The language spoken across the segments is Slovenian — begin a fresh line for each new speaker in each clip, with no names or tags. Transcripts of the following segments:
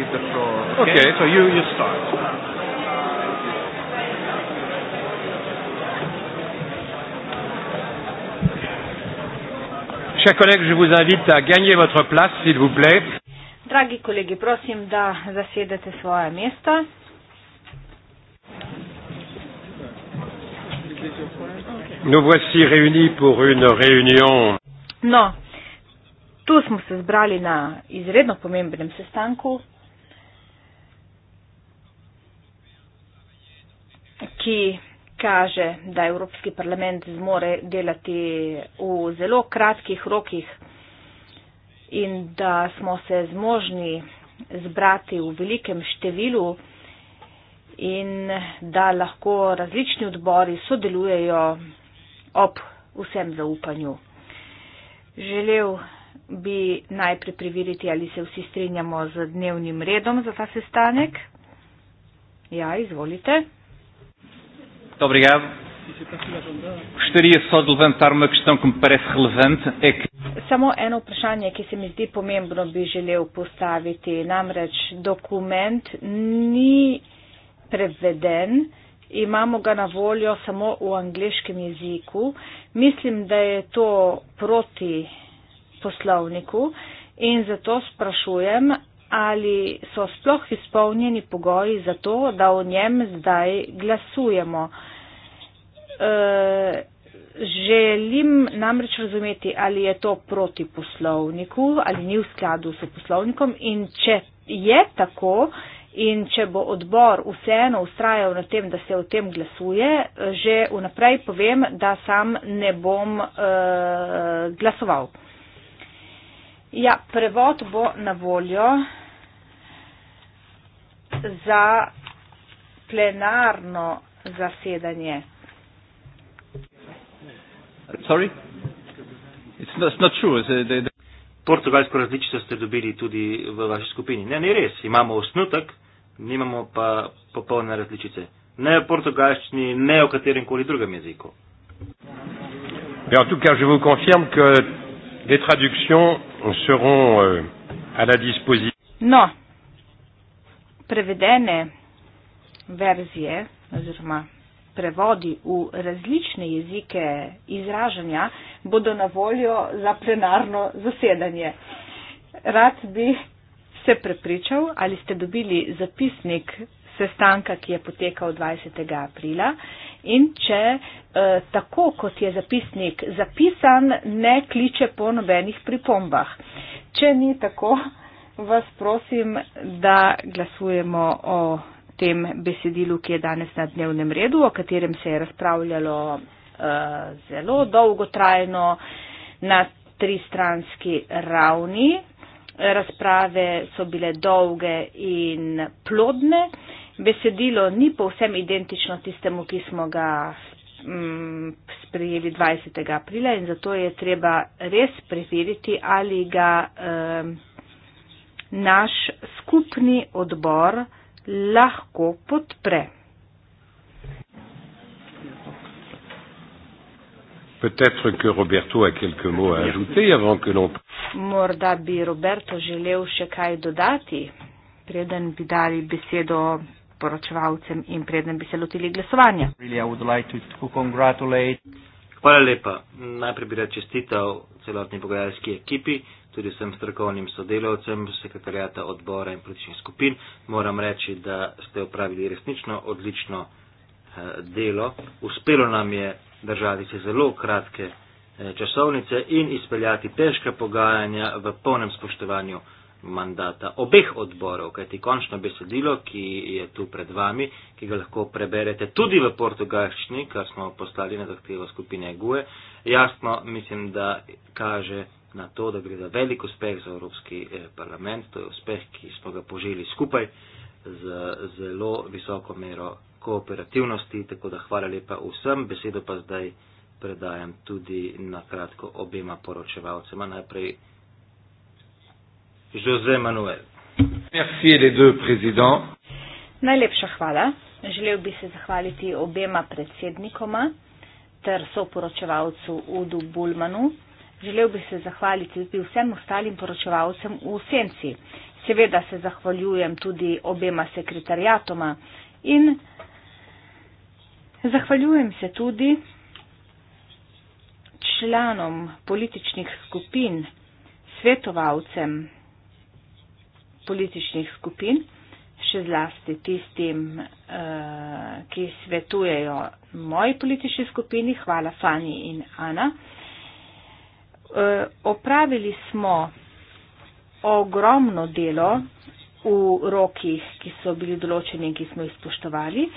give the floor. Okay, okay so you, you start. Chers collègues, je vous invite à gagner votre place, s'il vous plaît.
Dragi kolegi, prosim, da zasedete svoje mesto.
Nous voici réunis pour une réunion.
No, tu smo se zbrali na izredno pomembnem sestanku. ki kaže, da Evropski parlament zmore delati v zelo kratkih rokih in da smo se zmožni zbrati v velikem številu in da lahko različni odbori sodelujejo ob vsem zaupanju. Želel bi najprej preveriti, ali se vsi strinjamo z dnevnim redom za ta sestanek. Ja, izvolite.
Muito obrigado. Gostaria só de levantar uma questão que me parece relevante. É que...
Samo eno vprašanje, ki se mi zdi pomembno, bi želel postaviti. Namreč dokument ni preveden, imamo ga na voljo samo v angliškem jeziku. Mislim, da je to proti poslovniku in zato sprašujem, ali so sploh izpolnjeni pogoji za to, da o njem zdaj glasujemo. E, želim namreč razumeti, ali je to proti poslovniku, ali ni v skladu s poslovnikom in če je tako in če bo odbor vseeno ustrajal na tem, da se o tem glasuje, že vnaprej povem, da sam ne bom e, glasoval. Ja, prevod bo na voljo za plenarno zasedanje.
Sorry? It's not, it's not true. It's, it, it, it... Portugalsko različico ste dobili tudi v vaši skupini. Ne, ni res. Imamo osnutek, nimamo pa popolne različice. Ne v portugalščini, ne v katerem koli drugem jeziku. Bien, en tout cas, je vous confirme que les traductions seront euh, à la disposition. Non
prevedene verzije oziroma prevodi v različne jezike izražanja bodo na voljo za plenarno zasedanje. Rad bi se prepričal, ali ste dobili zapisnik sestanka, ki je potekal 20. aprila in če eh, tako, kot je zapisnik zapisan, ne kliče po nobenih pripombah. Če ni tako, vas prosim, da glasujemo o tem besedilu, ki je danes na dnevnem redu, o katerem se je razpravljalo uh, zelo dolgotrajno na tristranski ravni. Razprave so bile dolge in plodne. Besedilo ni povsem identično tistemu, ki smo ga mm, sprejeli 20. aprila in zato je treba res preveriti, ali ga. Uh, naš skupni odbor lahko podpre. Ja. Morda bi Roberto želel še kaj dodati, preden bi dali besedo poročevalcem in preden bi se lotili glasovanja.
Hvala lepa. Najprej bi rad čestital celotni pogajalski ekipi tudi vsem strokovnim sodelavcem, sekretarjata odbora in političnih skupin. Moram reči, da ste upravili resnično odlično eh, delo. Uspelo nam je držati se zelo kratke eh, časovnice in izpeljati težka pogajanja v polnem spoštovanju mandata obeh odborov, kajti končno besedilo, ki je tu pred vami, ki ga lahko preberete tudi v portugalščini, kar smo poslali na zahtevo skupine GUE, jasno mislim, da kaže na to, da gre za velik uspeh za Evropski eh, parlament. To je uspeh, ki smo ga požili skupaj z zelo visoko mero kooperativnosti. Tako da hvala lepa vsem. Besedo pa zdaj predajam tudi na kratko obema poročevalcema. Najprej Jose Manuel. Merci les deux présidents.
Najlepša hvala. Želel bi se zahvaliti obema predsednikoma ter soporočevalcu Udu Bulmanu. Želel bi se zahvaliti tudi vsem ostalim poročevalcem v senci. Seveda se zahvaljujem tudi obema sekretarjatoma in zahvaljujem se tudi članom političnih skupin, svetovalcem političnih skupin, še zlasti tistim, eh, ki svetujejo moji politični skupini. Hvala Fani in Ana. Eh, opravili smo ogromno delo v rokih, ki so bili določeni in ki smo jih spoštovali.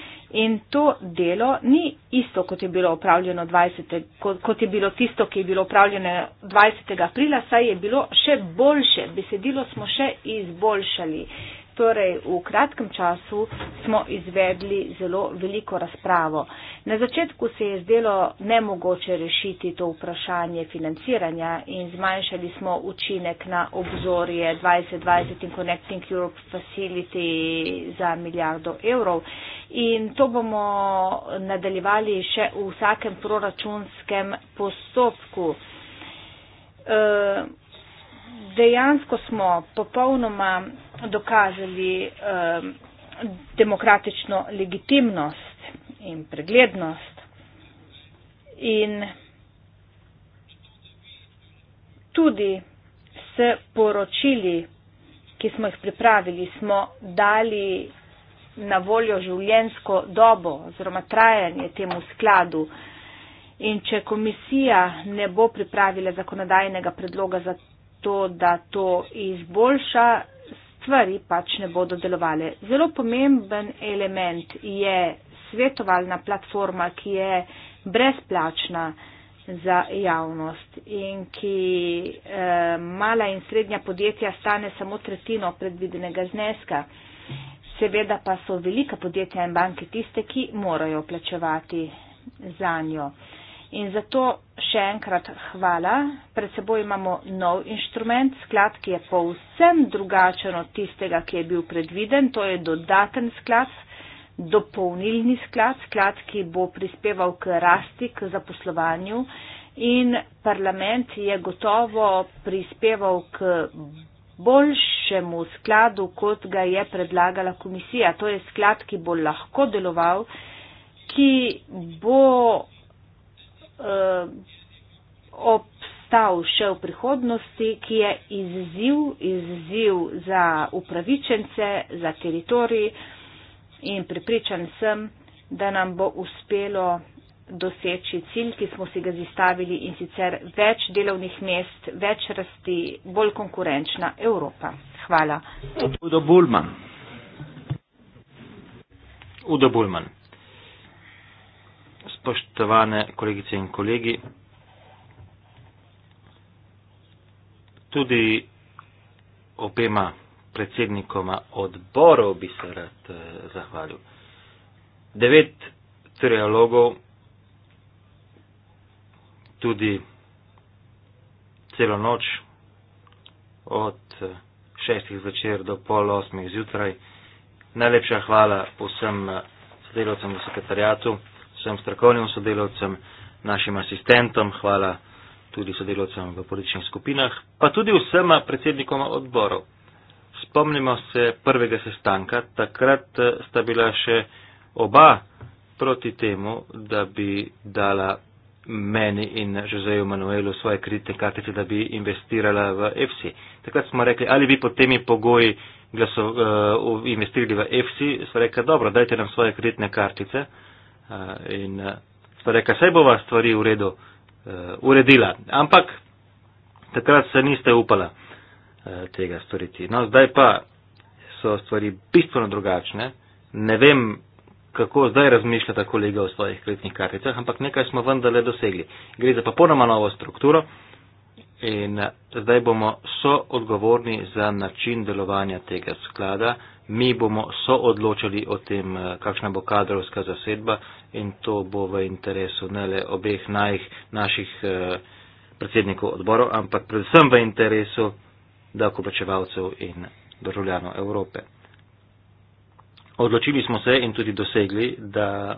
In to delo ni isto, kot je bilo, 20, kot, kot je bilo tisto, ki je bilo opravljeno 20. aprila, saj je bilo še boljše, besedilo smo še izboljšali. Uh, Torej, v kratkem času smo izvedli zelo veliko razpravo. Na začetku se je zdelo nemogoče rešiti to vprašanje financiranja in zmanjšali smo učinek na obzorje 2020 in Connecting Europe Facility za milijardo evrov. In to bomo nadaljevali še v vsakem proračunskem postopku. Eh, dejansko smo popolnoma dokazali um, demokratično legitimnost in preglednost. In tudi s poročili, ki smo jih pripravili, smo dali na voljo življensko dobo oziroma trajanje temu skladu. In če komisija ne bo pripravila zakonodajnega predloga za to, da to izboljša, stvari pač ne bodo delovale. Zelo pomemben element je svetovalna platforma, ki je brezplačna za javnost in ki eh, mala in srednja podjetja stane samo tretjino predvidenega zneska. Seveda pa so velika podjetja in banke tiste, ki morajo plačevati za njo. Eh, In zato še enkrat hvala. Pred seboj imamo nov inštrument, sklad, ki je povsem drugačen od tistega, ki je bil predviden. To je dodaten sklad, dopolnilni sklad, sklad, ki bo prispeval k rasti, k zaposlovanju. In parlament je gotovo prispeval k boljšemu skladu, kot ga je predlagala komisija. To je sklad, ki bo lahko deloval, ki bo uh, obstal še v prihodnosti, ki je izziv, izziv za upravičence, za teritorij in pripričan sem, da nam bo uspelo doseči cilj, ki smo si ga zastavili in sicer več delovnih mest, več rasti, bolj konkurenčna Evropa. Hvala.
Udo Bulman. Udo Bulman spoštovane kolegice in kolegi. Tudi obema predsednikoma odborov bi se rad eh, zahvalil. Devet trialogov, tudi celo noč, od eh, šestih zvečer do pol osmih zjutraj. Najlepša hvala vsem eh, sodelovcem v sekretarijatu vsem strokovnim sodelavcem, našim asistentom, hvala tudi sodelavcem v političnih skupinah, pa tudi vsem predsednikom odborov. Spomnimo se prvega sestanka, takrat eh, sta bila še oba proti temu, da bi dala meni in Žozeju Manuelu svoje kreditne kartice, da bi investirala v EFSI. Takrat smo rekli, ali bi pod temi pogoji glaso, uh, investirali v EFSI, so rekli, dobro, dajte nam svoje kreditne kartice, uh, Eh, in pa eh, rekel, saj bova stvari v redu uh, uredila, ampak takrat se niste upala uh, tega storiti. No, zdaj pa so stvari bistveno drugačne. Ne vem, kako zdaj razmišljata kolega o svojih kreditnih karticah, ampak nekaj smo vendarle dosegli. Gre za popolnoma novo strukturo in uh, zdaj bomo soodgovorni za način delovanja tega sklada mi bomo soodločali o tem, eh, kakšna bo kadrovska zasedba in to bo v interesu ne le obeh najh, naših eh, predsednikov odborov, ampak predvsem v interesu davkoplačevalcev in državljanov Evrope. Odločili smo se in tudi dosegli, da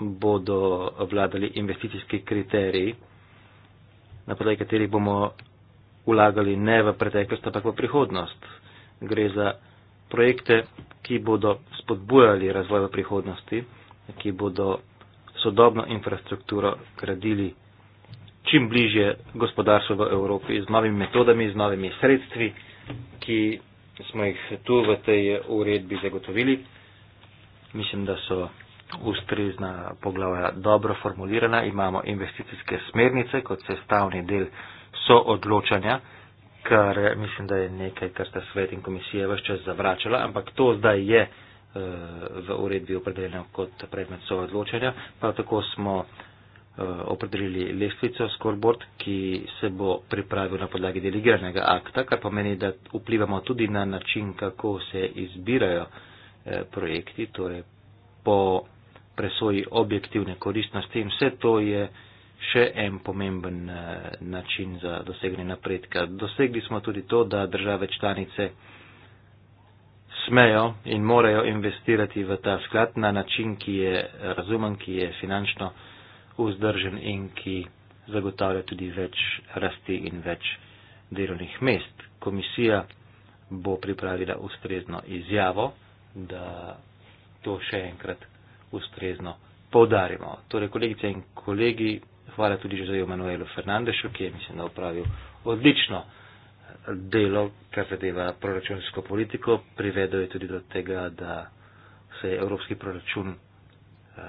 bodo vladali investicijski kriteriji, na podlagi katerih bomo vlagali ne v preteklost, ampak v prihodnost. Gre za projekte, ki bodo spodbujali razvoj v prihodnosti, ki bodo sodobno infrastrukturo gradili čim bližje gospodarstvo v Evropi z novimi metodami, z novimi sredstvi, ki smo jih tu v tej uredbi zagotovili. Mislim, da so ustrezna poglavja dobro formulirana. Imamo investicijske smernice kot sestavni del soodločanja. odločanja kar eh, mislim, da je nekaj, kar sta svet in komisija vse čas zavračala, ampak to zdaj je eh, v uredbi opredeljeno kot predmet svoje odločanja. Prav tako smo eh, opredelili lestvico, scoreboard, ki se bo pripravil na podlagi delegiranega akta, kar pomeni, da vplivamo tudi na način, kako se izbirajo projekti, torej po presoji objektivne koristnosti in vse to je še en pomemben eh, način za doseganje napredka. Dosegli smo tudi to, da države članice smejo in morajo investirati v ta sklad na način, ki je eh, razumen, ki je finančno vzdržen in ki zagotavlja tudi več rasti in več delovnih mest. Komisija bo pripravila ustrezno izjavo, da to še enkrat ustrezno podarimo. Torej, kolegice in kolegi, Hvala tudi Žozeju Manuelu Fernandešu, ki je mislim, da upravil odlično delo, kar zadeva proračunsko politiko. Privedel je tudi do tega, da se je evropski proračun uh, eh,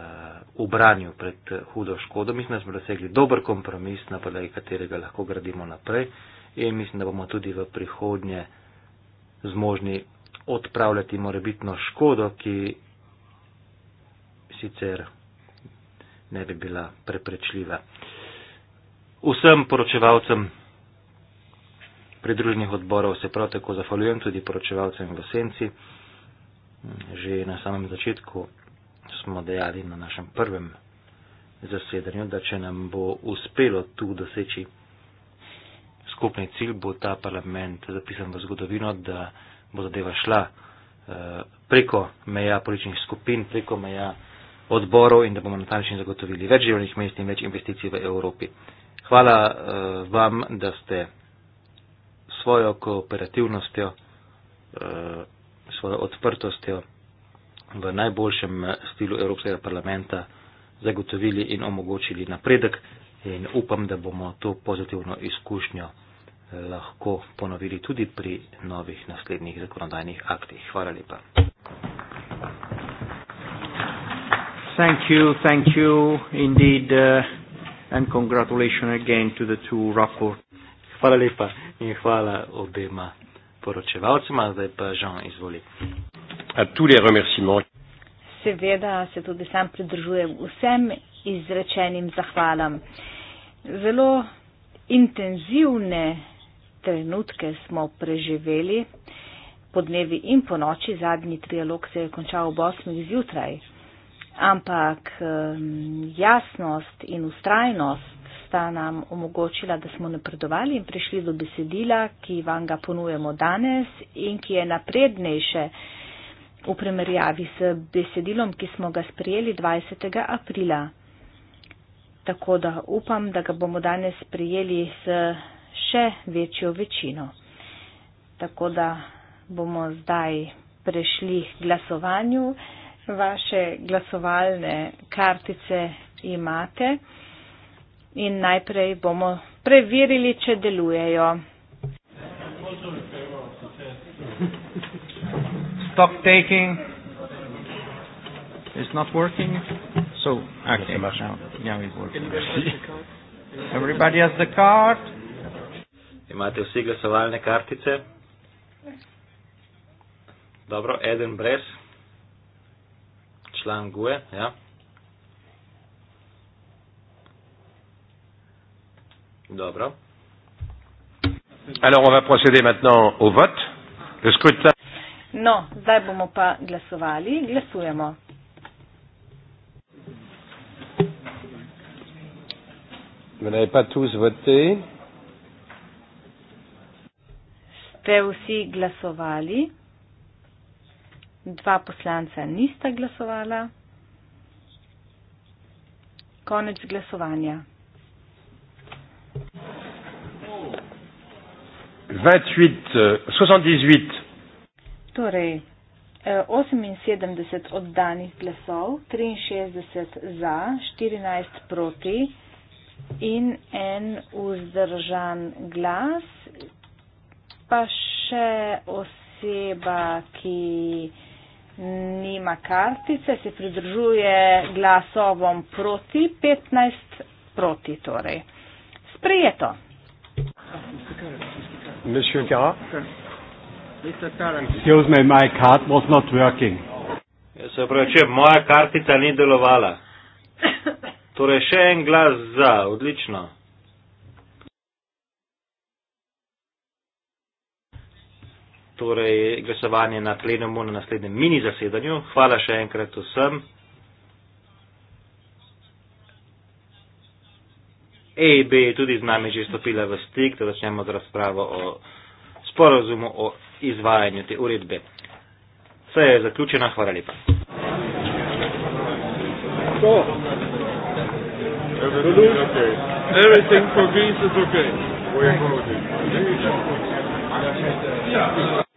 obranil pred eh, hudo škodo. Mislim, da smo dosegli dober kompromis, na podlagi katerega lahko gradimo naprej. In mislim, da bomo tudi v prihodnje zmožni odpravljati morebitno škodo, ki sicer ne bi bila preprečljiva. Vsem poročevalcem pridružnih odborov se prav tako zahvaljujem, tudi poročevalcem v Senci. Že na samem začetku smo dejali na našem prvem zasedanju, da če nam bo uspelo tu doseči skupni cilj, bo ta parlament zapisan v zgodovino, da bo zadeva šla eh, preko meja političnih skupin, preko meja uh, odborov in da bomo na ta način zagotovili več delovnih mest in več investicij v Evropi. Hvala uh, vam, da ste svojo kooperativnostjo, uh, svojo odprtostjo v najboljšem eh, stilu Evropskega parlamenta zagotovili in omogočili napredek in upam, da bomo to pozitivno izkušnjo lahko ponovili tudi pri novih naslednjih zakonodajnih aktih. Hvala lepa. Thank you. Thank you indeed, uh, and congratulations again to the two rapport. Hvala lepa in hvala obema poročevalcema. Zdaj pa Jean, izvoli.
Seveda se tudi sam pridružujem vsem izrečenim zahvalam. Zelo intenzivne trenutke smo preživeli, podnevi in po noči, zadnji trialog se je končal ob 8. zjutraj ampak jasnost in ustrajnost sta nam omogočila, da smo napredovali in prišli do besedila, ki vam ga ponujemo danes in ki je naprednejše v primerjavi s besedilom, ki smo ga sprejeli 20. aprila. Tako da upam, da ga bomo danes sprejeli s še večjo večino. Tako da bomo zdaj prešli glasovanju vaše glasovalne kartice imate in najprej bomo preverili, če delujejo. Stop taking. It's not working.
So, okay, now, now it works. Everybody has the card. Imate vsi glasovalne kartice? Dobro, eden brez član Gue. Ja. Dobro. Alors on va procéder maintenant au vote. Le scrutin.
No, zdaj bomo pa glasovali. Glasujemo.
Vous n'avez pas tous voté.
Ste vsi glasovali? dva poslanca nista glasovala. Konec glasovanja.
Eh,
torej, 78 eh, oddanih glasov, 63 za, 14 proti in en vzdržan glas, pa še oseba, ki nima kartice, se pridružuje glasovom proti, 15 proti torej. Sprijeto.
Monsieur Gara, Mr. Tarant, excuse me, my card was not working. Jaz se pravičujem, moja kartica ni delovala. Torej še en glas za, odlično. torej glasovanje na plenumu na naslednjem mini zasedanju. Hvala še enkrat vsem. EIB je tudi z nami že stopila v stik, da začnemo z razpravo o sporozumu o izvajanju te uredbe. Vse je zaključeno, hvala lepa. So. Everything for peace is okay. We're holding. Yeah.